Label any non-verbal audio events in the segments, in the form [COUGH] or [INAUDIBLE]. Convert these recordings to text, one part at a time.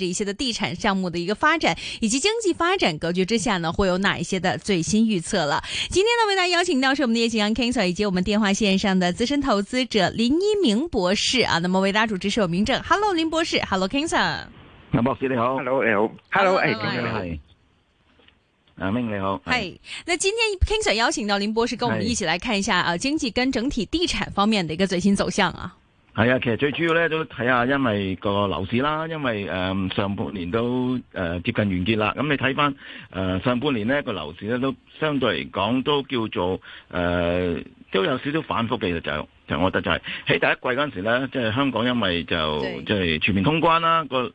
這一些的地產項目的一個發展，以及經濟發展格局之下呢，會有哪一些的最新預測了？今天呢，為大家邀請到是我們的葉景陽 KingSir 以及我們電話線上的資深投資者林一鳴博士啊。那麼為大家主持是我明正。Hello 林博士，Hello KingSir。林博士你好，Hello 你好，Hello 誒，咁樣你好，你好。嗨，那今天 KingSir 邀請到林博士，跟我們一起來看一下啊 Hey. 經濟跟整體地產方面的一個最新走向啊。係啊，其實最主要咧都睇下，因為個樓市啦，因為誒、呃、上半年都誒、呃、接近完結啦。咁、嗯、你睇返誒上半年咧個樓市咧都相對嚟講都叫做誒都有少少反覆嘅就是，其、就是、我我覺得就係、是、喺第一季嗰陣時咧，即、就、係、是、香港因為就即係的全面通關啦，個、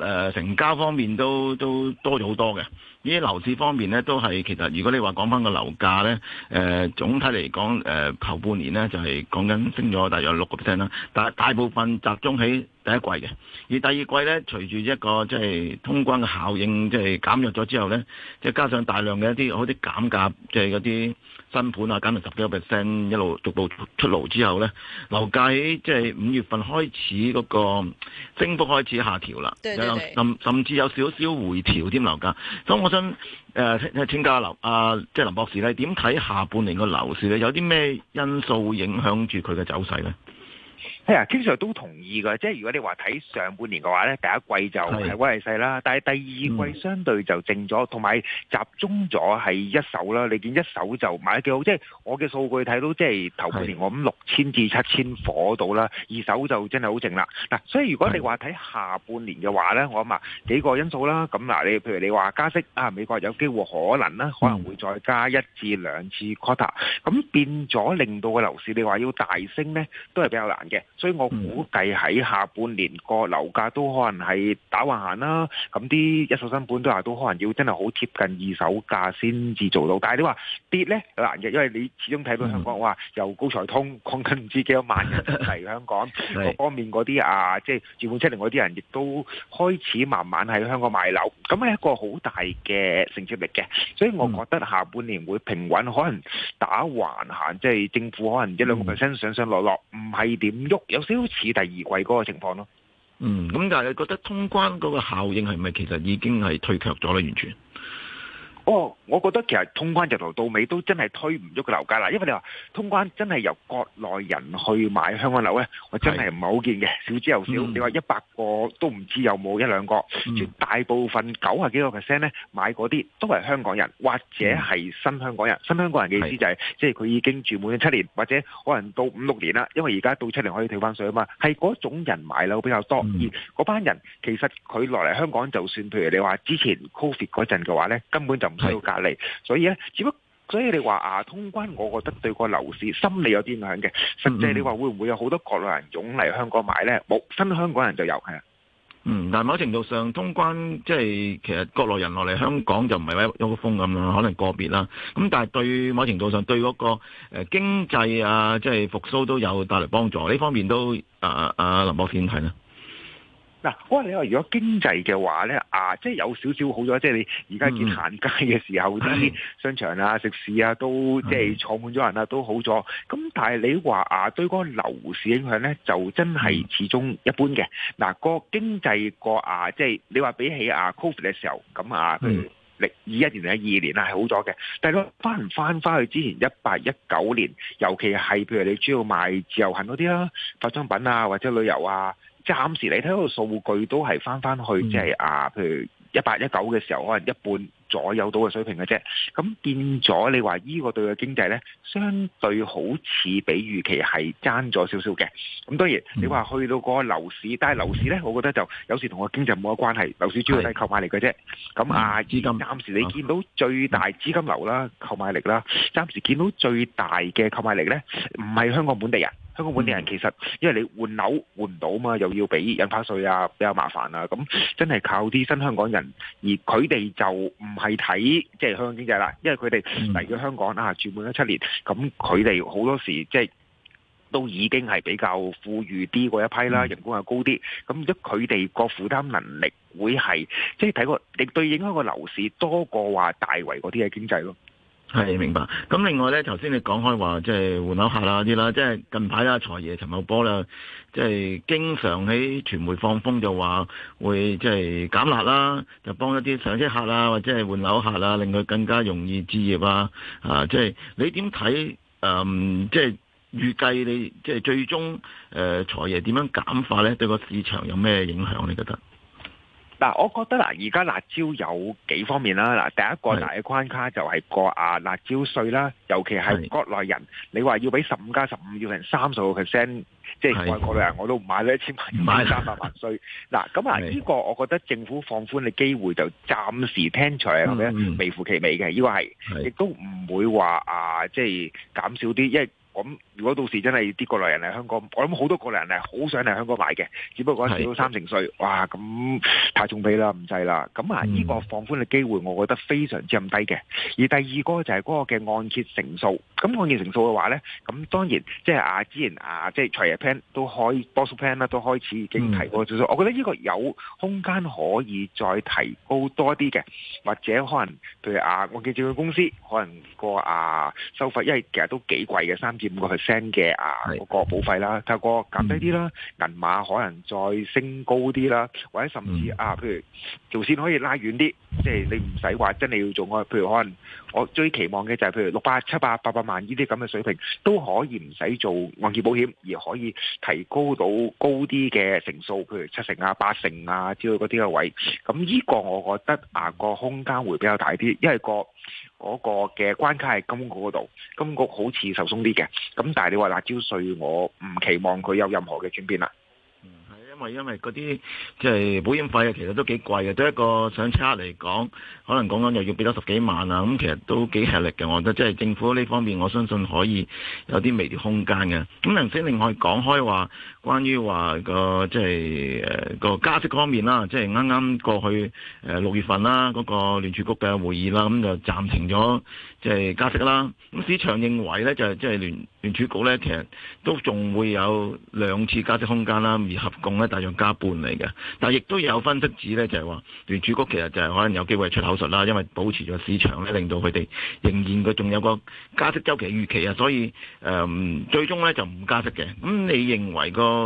呃、誒成交方面都都多咗好多嘅。呢啲樓市方面咧，都係其實，如果你話講翻個樓價咧，誒、呃、總體嚟講，誒、呃、頭半年咧就係、是、講緊升咗大約六個 percent 啦，但係大部分集中喺第一季嘅，而第二季咧，隨住一個即係、就是、通關嘅效應即係減弱咗之後咧，即、就、係、是、加上大量嘅一啲好啲減價，即係嗰啲。新盤啊，減到十幾個 percent，一路逐步出爐之後咧，樓價即係五月份開始嗰個升幅開始下調啦，甚甚至有少少回調添樓價。所以我想誒請請教林啊，即、呃、係、呃就係、林博士咧，點睇下半年個樓市咧？有啲咩因素影響住佢嘅走勢咧？係經常都同意㗎。即係如果你話睇上半年嘅話呢，第一季就係威勢啦，是但係第二季相對就靜咗，同埋、嗯、集中咗係一手啦。你見一手就買得幾好，即係我嘅數據睇到，即係頭半年我諗六千至七千火到啦。是二手就真係好靜啦。嗱是，所以如果你話睇下半年嘅話呢，我諗幾個因素啦。咁嗱，你譬如你話加息啊，美國有機會可能啦，可能會再加一至兩次 quarter，咁變咗令到個樓市你話要大升呢，都係比較難嘅。所以我估計喺下半年個樓價都可能係打橫行啦，咁啲一手新盤都話都可能要真係好貼近二手價先至做到。但係你話跌咧難嘅，因為你始終睇到香港哇，由高才通擴緊唔知幾多萬人嚟香港， [LAUGHS] 是各方面嗰啲啊，即係轉換出嚟嗰啲人亦都開始慢慢喺香港買樓，咁係一個好大嘅成績力嘅。所以我覺得下半年會平穩，可能打橫行，即係政府可能一兩個 percent 上上落落，唔係點喐。有少少似第二季嗰個情況咯。嗯，咁但係你覺得通關嗰個效應係咪其實已經係退卻咗啦？完全。哦，我覺得其實通關由頭到尾都真係推唔喐個樓價啦，因為你話通關真係由國內人去買香港樓咧，我真係唔係好見嘅，少是之又少。嗯、你話一百個都唔知有冇一兩個，絕、嗯、大部分九啊幾個 percent 咧，買嗰啲都係香港人或者係新香港人。嗯、新香港人嘅意思就係、是、是即係佢已經住滿咗七年，或者可能到五六年啦，因為而家到七年可以退翻稅啊嘛。係嗰種人買樓比較多，嗯、而嗰班人其實佢落嚟香港，就算譬如你話之前 COVID 嗰陣嘅話咧，根本就。喺要隔離，所以咧，只不過所以你話啊通關，我覺得對個樓市心理有啲影響嘅。實際你話會唔會有好多國內人湧嚟香港買咧？冇，新香港人就有係。嗯，但某程度上通關即係其實國內人落嚟香港就唔係威風風咁樣，可能個別啦。咁但係對某程度上對嗰個誒經濟啊，即係復甦都有帶嚟幫助。呢方面都啊啊林博士點睇啦。嗱，我話、啊、你話如果經濟嘅話咧，啊，即係有少少好咗，即係你而家見行街嘅時候啲、mm hmm. 商場啊、食肆啊，都即係坐滿咗人啊，都好咗。咁但係你話啊，對嗰個樓市影響咧，就真係始終一般嘅。嗱、啊，個經濟個啊，即係你話比起啊 Covid 嘅時候咁啊，零二一年定二二年啊，係好咗嘅。但係你翻唔翻翻去之前一八一九年，尤其係譬如你主要賣自由行嗰啲啦，化妝品啊或者旅遊啊。暫時你睇到個數據都係翻翻去，即係啊，譬如一八一九嘅時候，可能一半左右到嘅水平嘅啫。咁變咗你話呢個對嘅經濟咧，相對好似比預期係爭咗少少嘅。咁當然你話去到個樓市，但係樓市咧，我覺得就有時同個經濟冇乜關係。樓市主要係購買力嘅啫。咁啊，資金暫時你見到最大資金流啦，購買力啦，暫時見到最大嘅購買力咧，唔係香港本地人。香港本地人其實，因為你換樓換唔到嘛，又要俾印花稅啊，比較麻煩啊，咁真係靠啲新香港人，而佢哋就唔係睇即係香港經濟啦，因為佢哋嚟咗香港啊，住滿咗七年，咁佢哋好多時即係都已經係比較富裕啲嗰一批啦，人工又高啲，咁而佢哋個負擔能力會係即係睇個睇過，你對影響個樓市多過話大圍嗰啲嘅經濟咯。係明白，咁另外咧，頭先你講開話即係換樓客啦啲啦，即係近排啊財爺陳茂波咧，即係經常喺傳媒放風就話會即係減辣啦，就幫一啲上車客啊或者係換樓客啊，令佢更加容易置業啊，啊即係你點睇？誒，即係預計你即係最終誒財爺點樣減法咧？對個市場有咩影響？你覺得？嗱，我覺得嗱，而家辣椒有幾方面啦。嗱，第一個大嘅關卡就係個啊辣椒稅啦。尤其係國內人，是你話要俾十五加十五，要成三十個 percent，即係外國人我都唔買啦，一千萬買三百萬稅。嗱，咁啊，呢個我覺得政府放寬嘅機會就暫時聽取。啊咁是微乎其微嘅，呢個係亦都唔會話啊，即係減少啲，因為。咁如果到時真係啲過來人嚟香港，我諗好多過來人係好想嚟香港買嘅，只不過少三成稅，的哇！咁太重俾啦，唔制啦。咁啊，呢個放寬嘅機會，我覺得非常之咁低嘅。而第二個就係嗰個嘅按揭成數，咁按揭成數嘅話咧，咁當然即係阿、啊、之前啊，即係財爺 plan 都開，boss plan 啦都開始已經提高咗。嗯、我覺得呢個有空間可以再提高多啲嘅，或者可能譬如啊，按揭照個公司可能、那個啊收費，因為其實都幾貴嘅三五個 percent 嘅啊，個保費啦，睇下個減低啲啦，銀碼可能再升高啲啦，或者甚至啊，譬如條線可以拉遠啲，即係你唔使話真係要做，我譬如可能我最期望嘅就係、是，譬如六百、七百、八百萬呢啲咁嘅水平，都可以唔使做按揭保險，而可以提高到高啲嘅成數，譬如七成啊、八成啊之類嗰啲嘅位，咁呢個我覺得啊個空間會比較大啲，因為個。嗰個嘅關卡係金局嗰度，金局好似受鬆啲嘅。咁但係你話辣招稅，啊、我唔期望佢有任何嘅轉變啦。嗯，係因為因為嗰啲即係保險費啊，其實都幾貴嘅，對一個上車嚟講，可能講緊又要俾多十幾萬啊，咁、嗯、其實都幾吃力嘅，我覺得。即係政府呢方面，我相信可以有啲微調空間嘅。咁頭先另外以講開話。關於話個即係誒、呃、個加息方面啦，即係啱啱過去誒、呃、六月份啦，嗰、那個聯儲局嘅會議啦，咁就暫停咗即係加息啦。咁市場認為咧就係、是、即係聯聯儲局咧，其實都仲會有兩次加息空間啦。而合共咧大約加半嚟嘅，但係亦都有分析指咧就係、是、話聯儲局其實就係可能有機會出口術啦，因為保持咗市場咧令到佢哋仍然佢仲有個加息周期預期啊，所以誒、呃、最終咧就唔加息嘅。咁你認為個？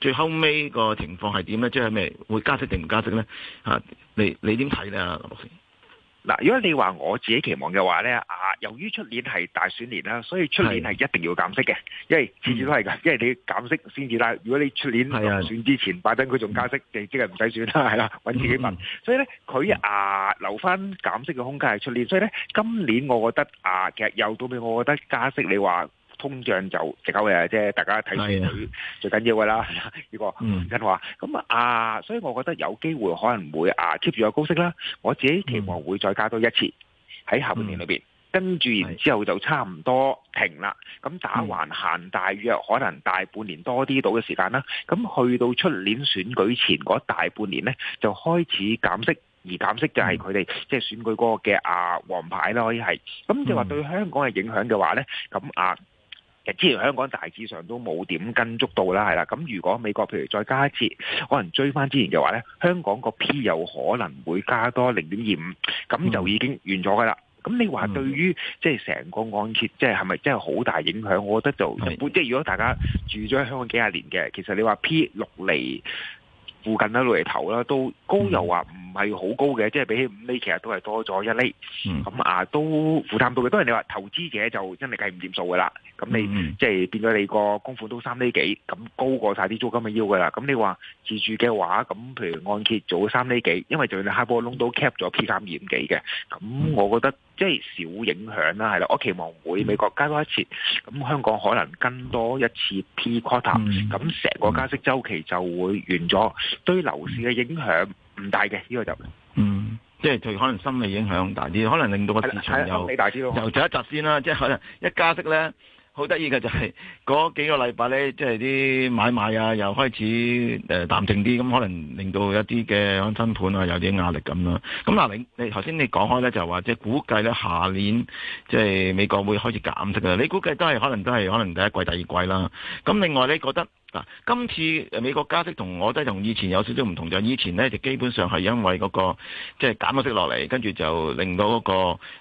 最後尾個情況係點咧？即係咩會加息定唔加息咧？吓、啊，你你點睇咧？林博士，嗱，如果你話我自己期望嘅話咧，啊，由於出年係大選年啦，所以出年係一定要減息嘅，是因為次次都係噶，因為你要減息先至啦。嗯、如果你出年落選之前，啊、拜登佢仲加息，你、嗯、即係唔使選啦，係啦、啊，搵自己問。嗯、所以咧，佢啊留翻減息嘅空間係出年，所以咧今年我覺得啊，其實又到尾，我覺得加息你話。通脹就直口嘢啫，大家睇住最緊要嘅啦。呢個黃振話咁啊，所以我覺得有機會可能會啊 keep 住個高息啦。我自己期望會再加多一次喺、嗯、下半年裏邊，跟住然之後就差唔多停啦。咁打橫行，行大約可能大半年多啲到嘅時間啦。咁去到出年選舉前嗰大半年咧，就開始減息，而減息就係佢哋即係選舉嗰個嘅啊王牌啦，可以係。咁就話對香港嘅影響嘅話咧，咁啊～之前香港大致上都冇點跟足到啦，係啦。咁如果美國譬如再加一次，可能追翻之前嘅話咧，香港個 P 有可能會加多零點二五，咁就已經完咗㗎啦。咁你話對於即係成個按揭，即係係咪真係好大影響？我覺得就的即係如果大家住咗香港幾廿年嘅，其實你話 P 六厘附近都落嚟投啦，都高又話唔係好高嘅，即係比起五厘其實都係多咗一厘咁啊，嗯，都負擔到嘅。當然你話投資者就真係計唔掂數㗎啦。咁你、嗯、即係變咗你個供款都三厘幾，咁高過晒啲租金嘅腰噶啦。咁你話自住嘅話，咁譬如按揭做三厘幾，因為就你哈波窿都 cap 咗 P 三點幾嘅。咁我覺得即係少影響啦、啊，係啦。我期望會美國加多一次，咁、嗯、香港可能跟多一次 P quarter，咁成個加息周期就會完咗。對於樓市嘅影響唔大嘅，呢、呢個就是嗯，即係對可能心理影響大啲，可能令到個市場又又就一窒先啦。即係一加息咧。好得意嘅就係嗰幾個禮拜呢，即係啲買賣啊，又開始誒淡靜啲，咁可能令到一啲嘅新盤啊有啲壓力咁啦。咁嗱，你你頭先你講開呢，就話即係估計呢，下年即係美國會開始減息啦。你估計都係可能都係可能第一季第二季啦。咁另外你覺得嗱，今次美國加息同我哋同以前有少少唔同，就以前呢，就基本上係因為嗰個即係減咗息落嚟，跟住就令到嗰個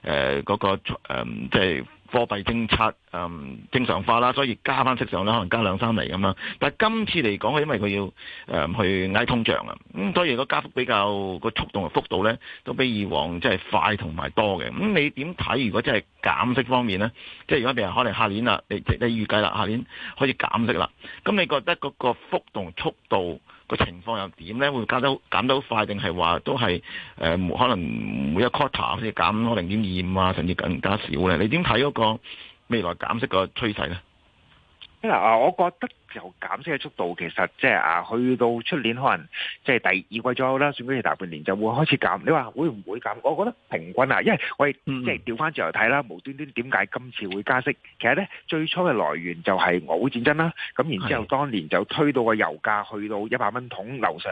誒嗰個誒即係。貨幣政策誒、嗯、正常化啦，所以加翻息上咧，可能加兩三厘咁樣。但係今次嚟講，係因為佢要誒、嗯、去壓通脹啊，咁、嗯、所以個加幅比較、個速度同幅度咧，都比以往即係快同埋多嘅。咁、嗯、你點睇？如果真係減息方面咧，即係如果譬如可能下年啦，你即你預計啦，下年開始減息啦。咁你覺得嗰個幅度速度？個情況又點咧？會加得減得好快定係話都係誒、呃，可能每一 quarter 好似減可能零點二五啊，甚至更加少咧。你點睇個未來減息個趨勢咧？嗱，我覺得就減息嘅速度，其實即係啊，去到出年可能即係第二季左右啦，算嗰啲大半年就會開始減。你話會唔會減？我覺得平均啊，因為我哋即係調翻轉頭睇啦，無端端點解今次會加息？其實咧最初嘅來源就係俄烏戰爭啦。咁然之後當年就推到個油價去到一百蚊桶樓上。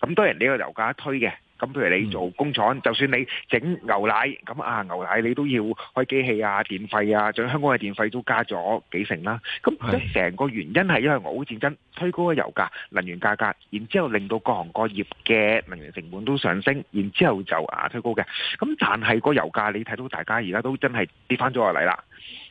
咁當然呢個油價一推嘅。咁譬如你做工廠，嗯、就算你整牛奶，咁啊牛奶你都要開機器啊、電費啊，仲有香港嘅電費都加咗幾成啦。咁即成個原因係因為俄烏戰爭推高咗油價、能源價格，然之後令到各行各業嘅能源成本都上升，然之後就啊推高嘅。咁但係個油價你睇到大家而家都真係跌翻咗落嚟啦。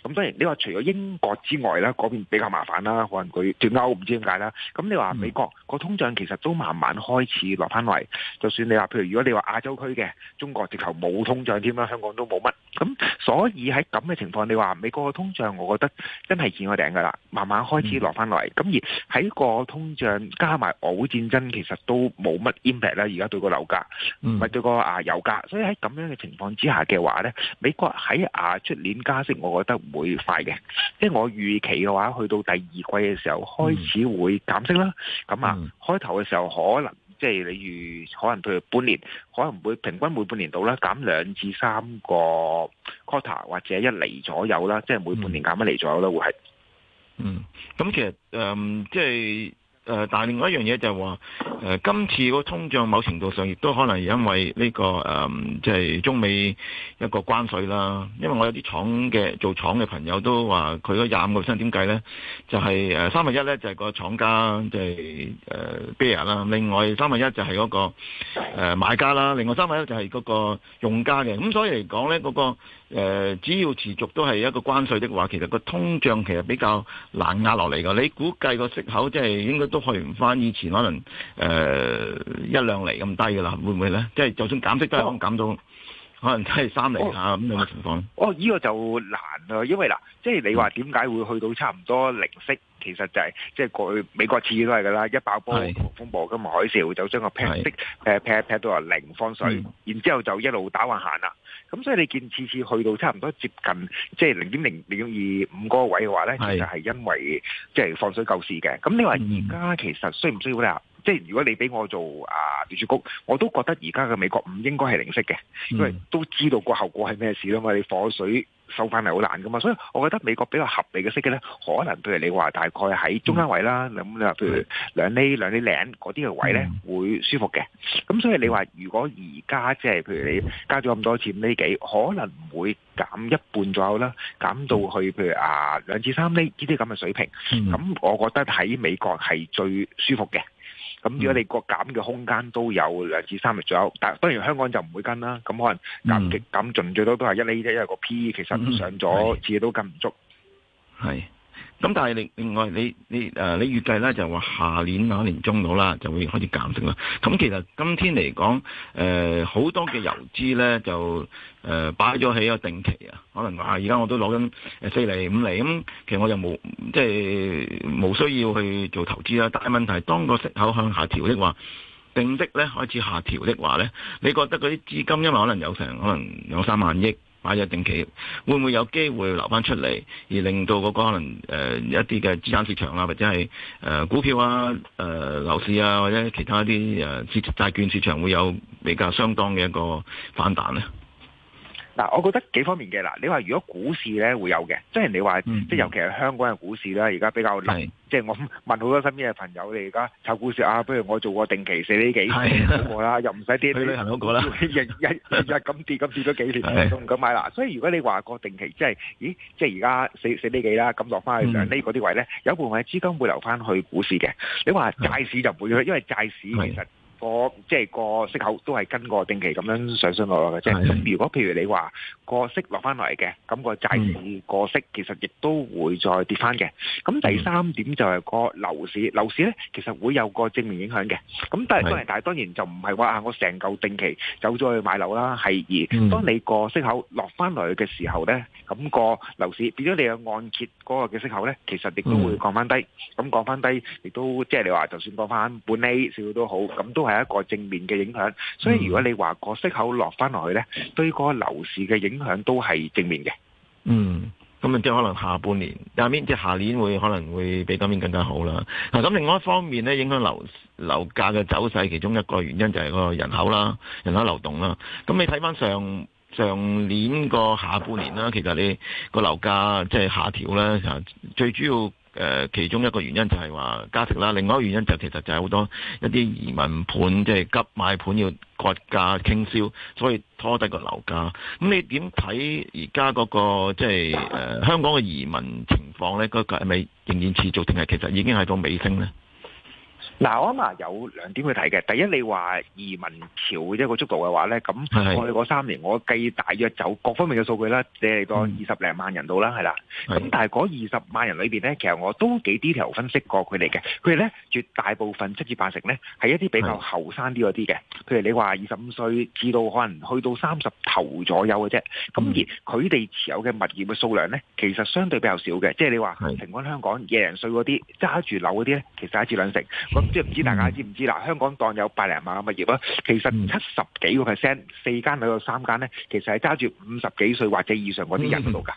咁當然，你話除咗英國之外啦，嗰邊比較麻煩啦，可能佢脫歐唔知點解啦。咁你話美國個通脹其實都慢慢開始落翻嚟。就算你話，譬如如果你話亞洲區嘅中國直頭冇通脹添啦，香港都冇乜。咁所以喺咁嘅情況，你話美國嘅通脹，我覺得真係見我頂噶啦，慢慢開始落翻嚟。咁、嗯、而喺個通脹加埋俄烏戰爭，其實都冇乜 impact 啦。而家對個樓價，唔係、嗯、對個啊油價。所以喺咁樣嘅情況之下嘅話咧，美國喺啊出年加息，我。覺得唔會快嘅，即係我預期嘅話，去到第二季嘅時候、嗯、開始會減息啦。咁、嗯、啊，開頭嘅時候可能即係例如，可能譬如半年，可能會平均每半年度啦，減兩至三個 quarter 或者一厘左右啦，即係每半年減一厘左右啦，會係。嗯，咁其實誒、呃，即係。誒、呃，但係另外一樣嘢就係、是、話，誒、呃，今次個通脹某程度上亦都可能因為呢、這個誒，即、呃、係、就是、中美一個關稅啦。因為我有啲廠嘅做廠嘅朋友都話，佢個廿五個 percent 點計呢？就係誒三分一呢，就係、是呃就是、個廠家即係、就、誒、是呃、bear 啦，另外三分一就係嗰、那個誒、呃、買家啦，另外三分一就係嗰個用家嘅。咁、嗯、所以嚟講呢，嗰、那個誒，只要持續都係一個關稅的話，其實個通脹其實比較難壓落嚟噶。你估計個息口即係應該都去唔翻以前可能誒一兩厘咁低噶啦，會唔會咧？即係就算減息都係可能減到可能真係三厘吓咁樣嘅情況。哦，呢個就難咯，因為嗱，即係你話點解會去到差唔多零息？其實就係即係過去美國次都係噶啦，一爆波風暴咁海嘯就將個劈息劈劈一劈都零方水，然之後就一路打橫行啦。咁所以你見次次去到差唔多接近即係零點零零二五嗰個位嘅話咧，其實係因為即係放水救市嘅。咁你話而家其實需唔需要啦？即係如果你俾我做啊聯儲局，我都覺得而家嘅美國唔應該係零息嘅，嗯、因為都知道個後果係咩事啦嘛，你放水收翻嚟好難噶嘛，所以我覺得美國比較合理嘅息嘅咧，可能譬如你話大概喺中間位啦，咁你、嗯、譬如兩厘兩釐零嗰啲嘅位咧、嗯、會舒服嘅。咁所以你話如果而家即係譬如你加咗咁多次呢幾，可能唔會減一半左右啦，減到去譬如啊兩至三厘呢啲咁嘅水平。咁、嗯嗯、我覺得喺美國係最舒服嘅。咁、嗯、如果你個減嘅空間都有兩至三日左右，但當然香港就唔會跟啦。咁可能減極、嗯、減盡最多都係一厘啫，因為個 P 其實上咗，次、嗯、都跟唔足。係。咁但係另另外你你誒你預計咧就話、係、下年嗰年中到啦，就會開始減息啦。咁其實今天嚟講，誒、呃、好多嘅遊資咧就誒擺咗喺一個定期啊，可能話而家我都攞緊誒四厘、五厘，咁其實我又冇即係冇需要去做投資啦。但係問題係當個息口向下調的話，定息咧開始下調的話咧，你覺得嗰啲資金因為可能有成可能有三萬億？買咗定期，會唔會有機會留翻出嚟，而令到嗰個可能誒、呃、一啲嘅資產市場啊，或者係誒、呃、股票啊、誒、呃、樓市啊，或者其他啲誒、呃、債券市場，會有比較相當嘅一個反彈呢？.嗱，我覺得幾方面嘅嗱，你話如果股市咧會有嘅，即係你話，即係、嗯、尤其係香港嘅股市啦，而家比較難。即係是我問好多身邊嘅朋友，你而家炒股市啊，不如我做個定期四厘幾咁好是啦，又唔使跌去旅 [LAUGHS] 行嗰個啦。日日日咁跌咁跌咗幾年都唔是敢買啦。所以如果你話個定期即係，咦，即係而家四四幾、嗯、厘幾啦，咁落翻去就呢嗰啲位咧，有部分嘅資金會留翻去股市嘅。你話債市就唔會，嗯、因為債市，是的 [LAUGHS] 的市其實。個即係個息口都係跟個定期咁樣上上落落嘅啫。咁如果譬如你話個息落翻嚟嘅，咁個債市個息其實亦都會再跌翻嘅。咁第三點就係個樓市，樓市咧其實會有個正面影響嘅。咁但係當然，但係當然就唔係話啊，我成嚿定期走咗去買樓啦，係而當你個息口落翻嚟嘅時候咧，咁個樓市變咗你嘅按揭嗰個嘅息口咧，其實亦都會降翻低。咁降翻低，亦都即係你話，就算降翻半厘少少都好，咁都係。係一個正面嘅影響，所以如果你話個息口落翻落去咧，嗯、對個樓市嘅影響都係正面嘅。嗯，咁啊，即係可能下半年，下面即係下年會可能會比今年更加好啦。咁另外一方面呢，影響樓樓價嘅走勢，其中一個原因就係個人口啦，人口流動啦。咁你睇翻上上年個下半年啦，其實你個樓價即係下調咧，最主要。誒、呃、其中一個原因就係話價值啦，另外一個原因就係、其實就係好多一啲移民盤即係急賣盤要割價傾銷，所以拖低個樓價。咁、嗯、你點睇而家嗰個即係誒香港嘅移民情況呢？嗰、嗰個係咪仍然持續，定係其實已經係到尾聲呢？嗱、啊，我啱啱有兩點去睇嘅。第一，你話移民潮一個速度嘅話咧，咁的我哋嗰三年我計大約走各方面嘅數據啦，即係個二十零萬人度啦，係啦。咁的但係嗰二十萬人裏邊咧，其實我都幾 detail 分析過佢哋嘅。佢哋咧絕大部分七至八成咧係一啲比較後生啲嗰啲嘅。譬的如你話二十五歲至到可能去到三十頭左右嘅啫。咁、嗯、而佢哋持有嘅物業嘅數量咧，其實相對比較少嘅。即、就、係、是、你話平均香港廿零歲嗰啲揸住樓嗰啲咧，其實一至兩成。的即係唔知，知大家知唔知啦？香港當有百零萬嘅物業啦，其實七十幾個 percent 四間裏到三間咧，其實係揸住五十幾歲或者以上嗰啲人度㗎。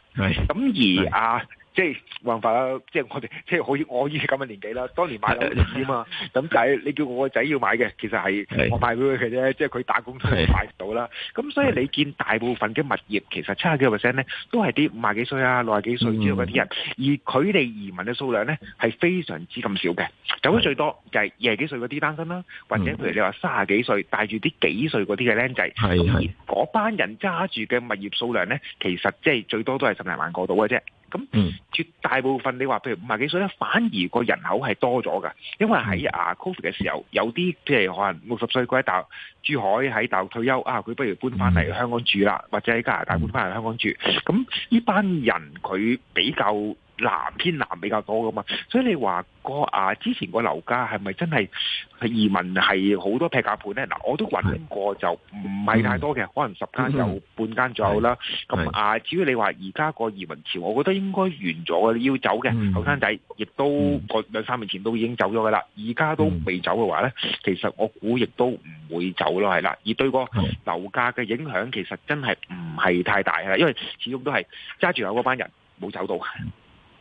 咁 [MUSIC] 而 [MUSIC] 啊。即係冇辦法啦，即係我哋即係可以，我依啲咁嘅年紀啦。當年買樓唔知點啊，咁仔 [LAUGHS] 你叫我個仔要買嘅，其實係是我賣俾佢嘅啫。即係佢打工都買唔到啦。咁是所以你見大部分嘅物業其實七十幾個 percent 咧，都係啲五十幾歲啊、六十幾歲之類嗰啲人，嗯、而佢哋移民嘅數量咧係非常之咁少嘅。咁最多就係廿幾歲嗰啲單身啦，或者譬如你話卅幾歲帶住啲幾歲嗰啲嘅僆仔，而嗰班人揸住嘅物業數量咧，其實即係最多都係十零萬個到嘅啫。咁、嗯、絕大部分你話譬如五十幾歲咧，反而個人口係多咗㗎，因為喺啊 Covid 嘅時候有啲譬如可能六十歲喺大陸，珠海喺大陸退休啊，佢不如搬翻嚟香港住啦，或者喺加拿大搬翻嚟香港住，咁呢、嗯、班人佢比較。南偏南比較多噶嘛，所以你話個啊之前個樓價係咪真係移民係好多劈價盤咧？嗱、啊，我都揾過就唔係太多嘅，嗯、可能十間有半間左右啦。咁啊，至於你話而家個移民潮，我覺得應該完咗嘅，要走嘅後生仔亦都個、嗯、兩三年前都已經走咗噶啦。而家都未走嘅話咧，其實我估亦都唔會走咯，係啦。而對個樓價嘅影響其實真係唔係太大嘅，因為始終都係揸住手嗰班人冇走到。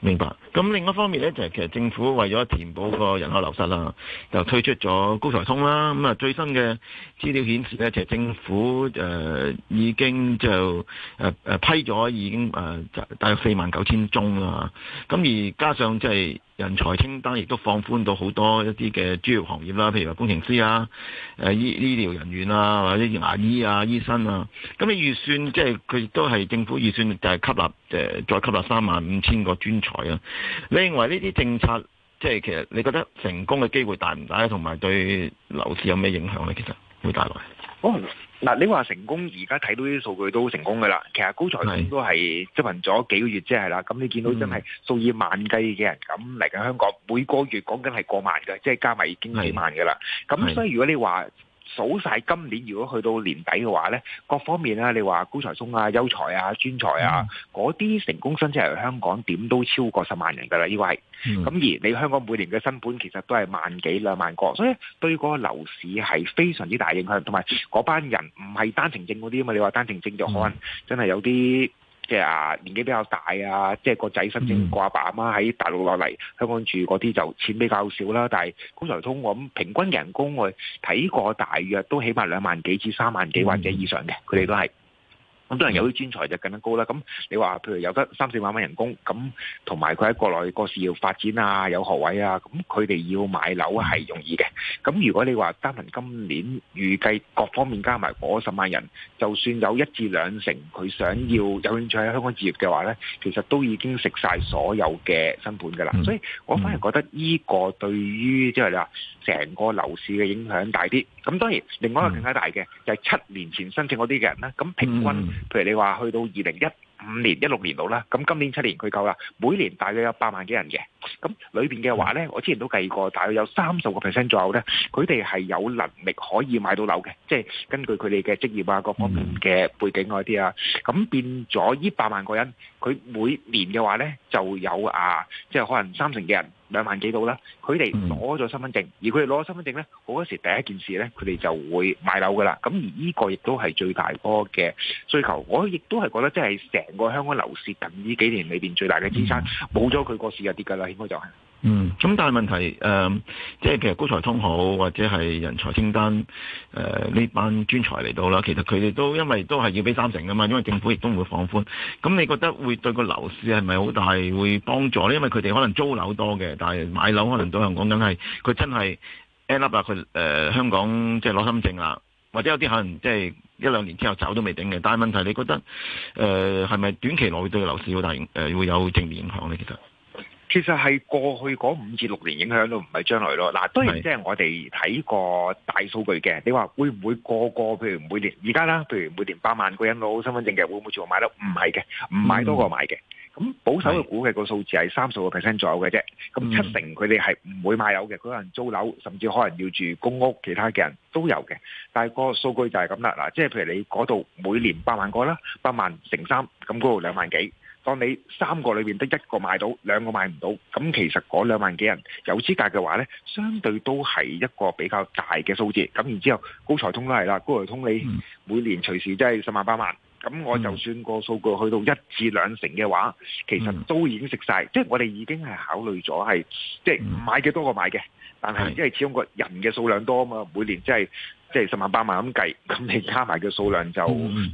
明白。咁另一方面咧，就係、是、其實政府為咗填補個人口流失啦，就推出咗高才通啦。咁啊，最新嘅資料顯示咧，其實政府誒、呃、已經就誒誒、呃、批咗已經誒就、呃、大約四萬九千宗啦。咁而加上即係人才清單亦都放寬到好多一啲嘅專業行業啦，譬如話工程師啊、誒、呃、醫醫療人員啊，或者牙醫啊、醫生啊。咁你預算即係佢亦都係政府預算，就係吸納誒、呃、再吸納三萬五千個專才。台你認為呢啲政策即係其實你覺得成功嘅機會大唔大，同埋對樓市有咩影響咧？其實會帶來哦。嗱，你話成功而家睇到啲數據都成功噶啦。其實高才通都係執行咗幾個月即係啦。咁的你見到真係數以萬計嘅人咁嚟緊香港，嗯、每個月講緊係過萬嘅，即係加埋已經幾萬噶啦。咁的所以如果你話，數晒今年，如果去到年底嘅話呢，各方面啦、啊，你話高才通啊、優才啊、專才啊，嗰啲、嗯、成功申請嚟香港，點都超過十萬人噶啦，依位、嗯。咁而你香港每年嘅新本其實都係萬幾兩萬個，所以對嗰個樓市係非常之大影響，同埋嗰班人唔係單程證嗰啲啊嘛，你話單程證就可能真係有啲。即係啊，年紀比較大啊，即係個仔申請個阿爸阿媽喺大陸落嚟香港住嗰啲，就錢比較少啦。但係高才通，我諗平均人工我睇過大約都起碼兩萬幾至三萬幾或者以上嘅，佢哋、嗯、都係。咁多人有啲專才就更加高啦。咁你話，譬如有得三四萬蚊人工，咁同埋佢喺國內個事業發展啊，有學位啊，咁佢哋要買樓係容易嘅。咁如果你話單憑今年預計各方面加埋嗰十萬人，就算有一至兩成佢想要有興趣喺香港置業嘅話呢，其實都已經食曬所有嘅新盤噶啦。所以我反而覺得呢個對於即係你話，成個樓市嘅影響大啲。咁當然，另外一個更加大嘅就係七年前申請嗰啲嘅人啦。咁平均，譬如你話去到二零一五年、一六年度啦，咁今年七年佢夠啦。每年大約有八萬幾人嘅，咁裏邊嘅話咧，我之前都計過，大約有三十個 percent 左右咧，佢哋係有能力可以買到樓嘅，即係根據佢哋嘅職業啊、各方面嘅背景嗰啲啊，咁變咗呢百萬個人，佢每年嘅話咧就有啊，即係可能三成嘅人。兩萬幾度啦，佢哋攞咗身份證，而佢哋攞咗身份證咧，好多時第一件事咧，佢哋就會買樓噶啦。咁而呢個亦都係最大波嘅需求，我亦都係覺得即係成個香港樓市近呢幾年裏邊最大嘅支撐，冇咗佢個市就跌㗎啦，應該就係。嗯，咁但係問題誒、呃，即係其實高才通好或者係人才清單誒呢、呃、班專才嚟到啦，其實佢哋都因為都係要俾三成嘅嘛，因為政府亦都唔會放寬。咁你覺得會對個樓市係咪好大會幫助呢？因為佢哋可能租樓多嘅，但係買樓可能對香港梗係佢真係 end up 啦。佢、呃、誒香港即係攞新證啦，或者有啲可能即係一兩年之後走都未定嘅。但係問題，你覺得誒係咪短期內對個樓市好大誒、呃、會有正面影響呢？其實？其實係過去嗰五至六年影響都唔係將來咯，嗱當然即係我哋睇個大數據嘅。你話會唔會個個譬如每年而家啦，譬如每年八萬個人攞身份證嘅，會唔會全部買樓？唔係嘅，唔買多過買嘅。咁保守嘅估計個數字係三十個 percent 左右嘅啫。咁七成佢哋係唔會買樓嘅，可能租樓，甚至可能要住公屋。其他嘅人都有嘅，但係個數據就係咁啦。嗱，即係譬如你嗰度每年八萬個啦，八萬乘三，咁嗰度兩萬幾。當你三個裏邊得一個買到，兩個買唔到，咁其實嗰兩萬幾人有資格嘅話呢，相對都係一個比較大嘅數字。咁然之後高財，高才通都係啦，高才通你每年隨時都係十萬八萬，咁、嗯、我就算個數據去到一至兩成嘅話，其實都已經食晒。即係、嗯、我哋已經係考慮咗係即係買嘅多過買嘅。但係，因為始終個人嘅數量多啊嘛，每年即係即係十萬八萬咁計，咁你加埋嘅數量就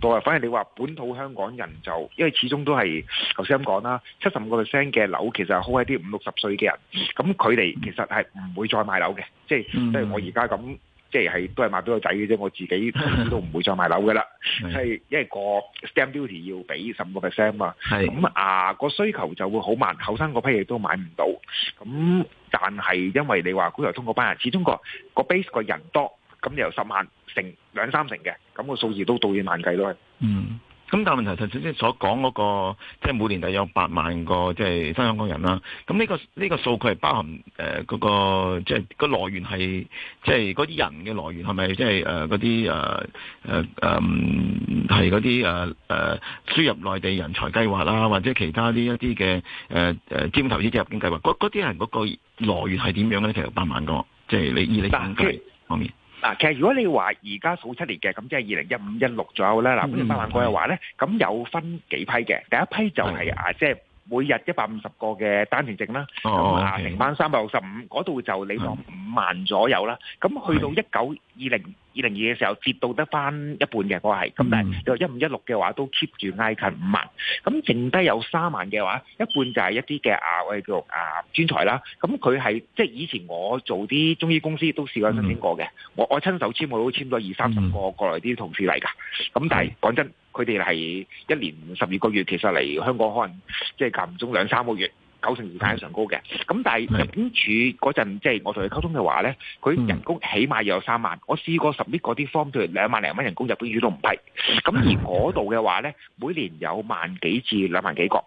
多啊。嗯、反而你話本土香港人就，因為始終都係頭先咁講啦，七十五個 percent 嘅樓其實係好喺啲五六十歲嘅人，咁佢哋其實係唔會再買樓嘅，即係即係我而家咁。即係都係買俾個仔嘅啫，我自己都唔會再買樓嘅啦。係 [LAUGHS] 因為個 stamp duty 要俾十五個 percent 嘛。係咁 [LAUGHS] 啊，個需求就會好慢，後生嗰批亦都買唔到。咁但係因為你話股油通嗰班人，始終個個 base 個人多，咁你由十萬成兩三成嘅，咁個數字都到以萬計咯。嗯。嗯。咁但係問題，頭先先所講嗰、那個，即係每年就有八萬個，即係新香港人啦。咁呢、這個呢、這個數據係包含誒嗰、呃那個，即係、那個來源係，即係嗰啲人嘅來源係咪即係誒嗰啲誒誒誒係嗰啲誒誒輸入內地人才計劃啦，或者其他啲一啲嘅誒誒資本投資者入境計劃？嗰啲係嗰個來源係點樣嘅咧？其實八萬個，即係你二零一五方面。啊，其實如果你話而家數七年嘅咁，即係二零一五、一六左右咧，嗱、嗯，五十八萬個嘅話咧，咁有分幾批嘅，第一批就係、是、啊，即係、嗯。每日一百五十個嘅單程證啦，咁啊、oh, okay. 呃，乘翻三百六十五，嗰度就你當五萬左右啦。咁、mm. 去到一九二零二零二嘅時候，跌到得翻一半嘅，我係。咁、mm. 但係一五一六嘅話，都 keep 住挨近五萬。咁剩低有三萬嘅話，一半就係一啲嘅啊，我叫做啊專才啦。咁佢係即係以前我做啲中醫公司都試過申請過嘅，mm. 我我親手簽我都簽咗二三十個過嚟啲同事嚟㗎。咁但係講真。佢哋係一年十二個月，其實嚟香港可能即係間唔中兩三個月，九成時間上高嘅。咁但係入境處嗰陣，即係、mm hmm. 即係、我同佢溝通嘅話咧，佢人工起碼要有三萬。我試過十億嗰啲方對兩萬零蚊人工入境處都唔批。咁而嗰度嘅話咧，每年有萬幾至兩萬幾個。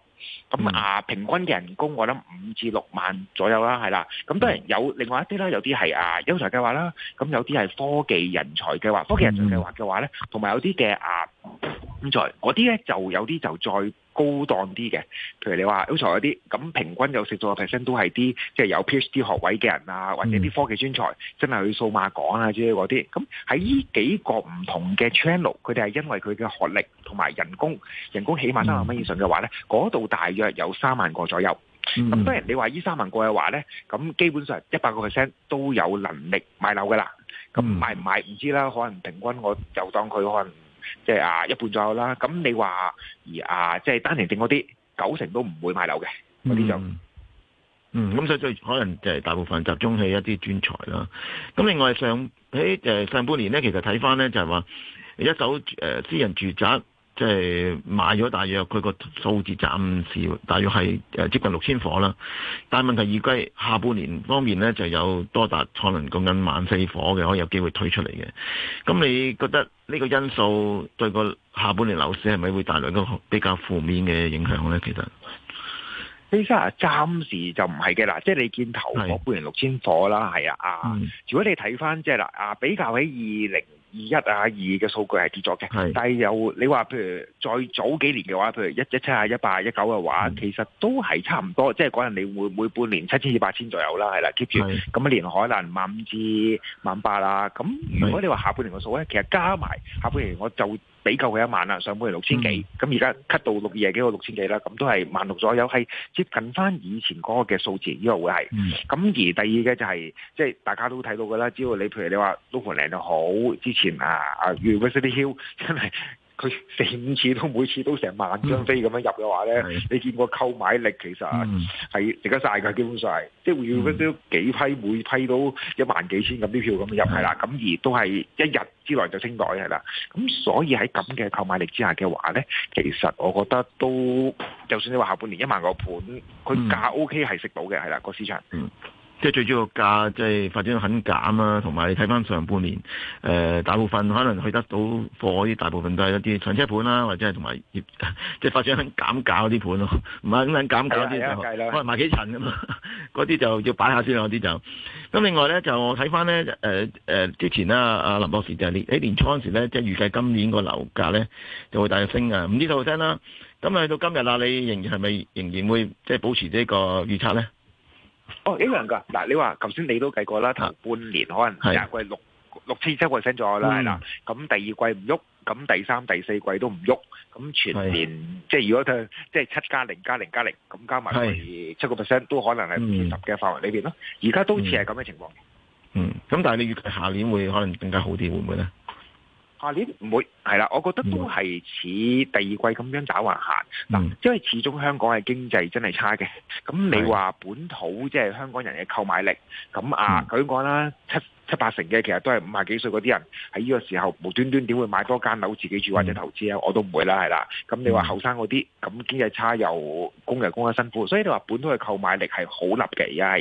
咁、嗯、啊、呃，平均嘅人工我諗五至六萬左右啦，係啦。咁當然有另外一啲啦，有啲係啊優才計劃啦。咁有啲係科技人才計劃。科技人才計劃嘅話咧，同埋有啲嘅啊。嗯啊啊啊啊啊啊人才，嗰啲咧就有啲就再高檔啲嘅，譬如你話 Ultra 嗰啲，咁平均有四個 percent 都係啲即係有 PhD 學位嘅人啊，或者啲科技專才，真係去數碼港啊之類嗰啲。咁喺呢幾個唔同嘅 channel，佢哋係因為佢嘅學歷同埋人工，人工起碼三百蚊以上嘅話咧，嗰度大約有三萬個左右。咁當然你話呢三萬個嘅話咧，咁基本上一百個 percent 都有能力買樓嘅啦。咁買唔買唔知啦，可能平均我就當佢可能。即係啊，一半左右啦。咁你話而啊，即係單程證嗰啲九成都唔會買樓嘅，嗰啲就嗯，咁、嗯、所以最可能就係大部分集中喺一啲專才啦。咁另外上喺誒上半年咧，其實睇翻咧就係、是、話一手誒私人住宅。即係買咗大約佢個數字，暫時大約係誒接近六千火啦。但係問題而家下半年方面咧，就有多達可能講緊萬四火嘅，可以有機會推出嚟嘅。咁你覺得呢個因素對個下半年樓市係咪會帶來一個比較負面嘅影響咧？其實三生暫時就唔係嘅啦，即係你見頭嗰半年六千火啦，係啊啊！的嗯、如果你睇翻即係嗱啊，比較喺二零。二一啊，二嘅數據係跌咗嘅，是但係又你話譬如再早幾年嘅話，譬如一一七啊，一八一九嘅話，嗯、其實都係差唔多，即係嗰陣你會每半年七千至八千左右啦，係啦，keep 住咁一年可能萬五至萬八啊，咁如果你話下半年嘅數咧，其實加埋下半年我就。俾夠佢一萬啦，上半年六千幾，咁而家 cut 到六二廿幾個六千幾啦，咁都係萬六左右，係接近翻以前嗰個嘅數字，依個會係。咁、嗯、而第二嘅就係、是，即係大家都睇到嘅啦，只要你譬如你話 look 盤靚到好，之前啊啊，University Hill 真係。佢四五次都每次都成萬張飛咁樣入嘅話呢，嗯、你見個購買力其實係值得晒嘅，嗯、基本上係、嗯、即係要嗰幾批每批都一萬幾千咁啲票咁樣入係啦，咁、嗯、而都係一日之內就清袋係啦。咁所以喺咁嘅購買力之下嘅話呢，其實我覺得都就算你話下半年一萬個盤，佢價 OK 係食到嘅係喇。個市場。嗯即係最主要價，即係發展到很減啦、啊，同埋你睇翻上半年，誒、呃、大部分可能去得到貨啲，大部分都係一啲長車盤啦、啊，或者係同埋即係發展很減價嗰啲盤咯、啊，唔係很減價嗰啲可能賣幾層噶嘛，嗰啲就要擺下先咯，啲就咁。另外咧就我睇翻咧誒誒之前咧，阿林博士就話、是：，年初嗰時咧，即係預計今年個樓價咧就會大升啊，五至六 percent 啦。咁啊，到今日啦，你仍然係咪仍然會即係保持呢個預測咧？哦，一樣噶。嗱，你話頭先你都計過啦，頭半年可能 6, 6,、嗯、第二季六六千七個 percent 左右啦，係啦。咁第二季唔喐，咁第三、第四季都唔喐，咁全年的即係如果佢即係七加零加零加零，咁加埋七個 percent 都可能係五十嘅範圍裏邊咯。而家、嗯、都似係咁嘅情況。嗯，咁、嗯、但係你預計下年會可能更加好啲，會唔會咧？下年唔會。係啦，我覺得都係似第二季咁樣打橫行嗱，嗯、因為始終香港嘅經濟真係差嘅。咁你話本土即係香港人嘅購買力，咁啊，佢講啦，七七八成嘅其實都係五十幾歲嗰啲人，喺呢個時候無端端點會買多間樓自己住或者投資啊？嗯、我都唔會啦，係啦。咁你話後生嗰啲，咁經濟差又供又供得辛苦，所以你話本土嘅購買力係好立嘅而家係。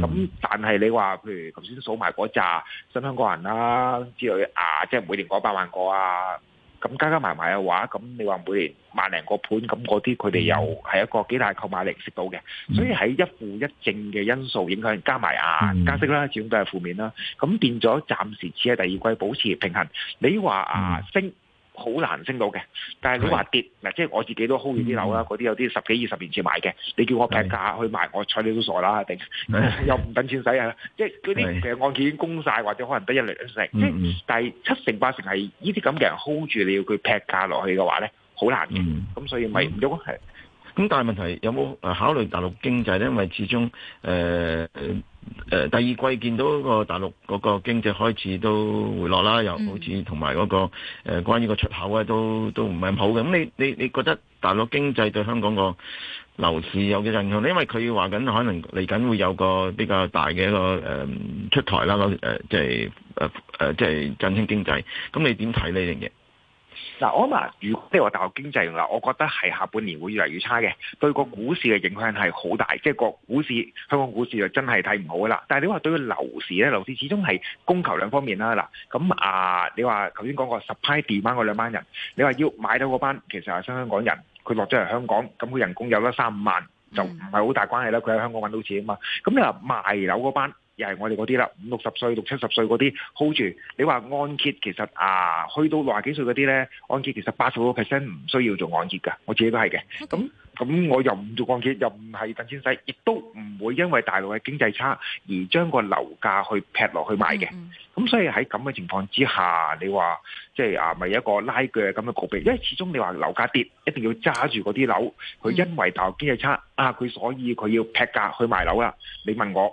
咁、嗯、但係你話譬如頭先數埋嗰扎新香港人啦之類啊，即係每年嗰百萬個啊。咁加加埋埋嘅話，咁你話每年萬零個盤，咁嗰啲佢哋又係一個幾大購買力，識到嘅。所以喺一負一正嘅因素影響，加埋啊加息啦，始終都係負面啦。咁變咗暫時只係第二季保持平衡。你話啊升？好難升到嘅，但係佢話跌嗱是、啊，即係我自己都 hold 住啲樓啦。嗰啲、嗯、有啲十幾二十年前買嘅，你叫我劈價去賣，我睬是你都傻啦，定 [LAUGHS] [LAUGHS] 又唔等錢使啊？即係嗰啲其實按揭已經供曬，或者可能得一兩成，但、嗯、係七成八成係呢啲咁嘅人 hold 住，你要佢劈價落去嘅話咧，好難嘅。咁、嗯、所以咪唔喐係。咁、嗯、是但係問題有冇考慮大陸經濟咧？因為始終誒誒。呃誒，第二季見到個大陸嗰個經濟開始都回落啦，嗯、又好似同埋嗰個誒、呃，關於個出口咧都都唔係咁好。咁你你你覺得大陸經濟對香港個樓市有幾陣影響咧？因為佢話緊可能嚟緊會有個比較大嘅一個誒出台啦，誒即係誒誒即係振興經濟。咁你點睇呢樣嘢？嗱，我話，如果即係話大學經濟嚟講，我覺得係下半年會越嚟越差嘅，對個股市嘅影響係好大，即係個股市香港股市就真係睇唔好啦。但係你話對個樓市咧，樓市始終係供求兩方面啦。嗱，咁啊，你話頭先講個十批跌翻嗰兩班人，你話要買到嗰班，其實係新香港人，佢落咗嚟香港，咁佢人工有得三五萬，就唔係好大關係啦。佢喺香港揾到錢啊嘛，咁你話賣樓嗰班。係我哋嗰啲啦，五六十歲、六七十歲嗰啲 hold 住。你話按揭，其實啊，去到六十幾歲嗰啲咧，按揭其實八十個 percent 唔需要做按揭噶。我自己都係嘅。咁咁 Okay.，我又唔做按揭，又唔係等錢使，亦都唔會因為大陸嘅經濟差而將個樓價去劈落去賣嘅。咁、mm hmm. 所以喺咁嘅情況之下，你話即係啊，咪有一個拉鋸咁嘅局面？因為始終你話樓價跌，一定要揸住嗰啲樓。佢因為大陸經濟差啊，佢所以佢要劈價去賣樓啦。你問我？